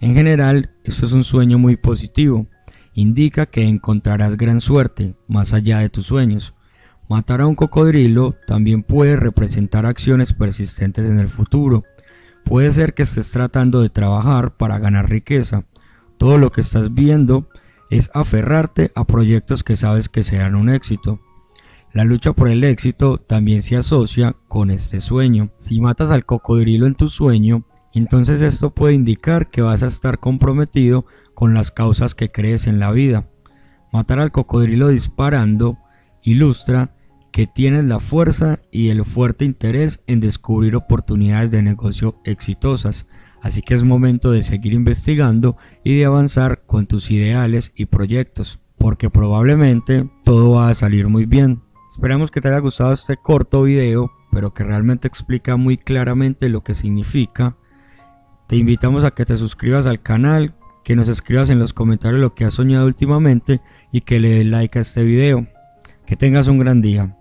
En general, esto es un sueño muy positivo. Indica que encontrarás gran suerte más allá de tus sueños. Matar a un cocodrilo también puede representar acciones persistentes en el futuro. Puede ser que estés tratando de trabajar para ganar riqueza. Todo lo que estás viendo es aferrarte a proyectos que sabes que sean un éxito. La lucha por el éxito también se asocia con este sueño. Si matas al cocodrilo en tu sueño, entonces esto puede indicar que vas a estar comprometido con las causas que crees en la vida. Matar al cocodrilo disparando ilustra que tienes la fuerza y el fuerte interés en descubrir oportunidades de negocio exitosas, así que es momento de seguir investigando y de avanzar con tus ideales y proyectos, porque probablemente todo va a salir muy bien. Esperamos que te haya gustado este corto video, pero que realmente explica muy claramente lo que significa te invitamos a que te suscribas al canal, que nos escribas en los comentarios lo que has soñado últimamente y que le des like a este video. Que tengas un gran día.